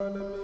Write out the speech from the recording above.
العالمين